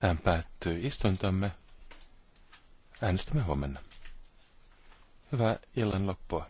Tähän päättyy istuntomme. Äänestämme huomenna. Hyvää illan loppua.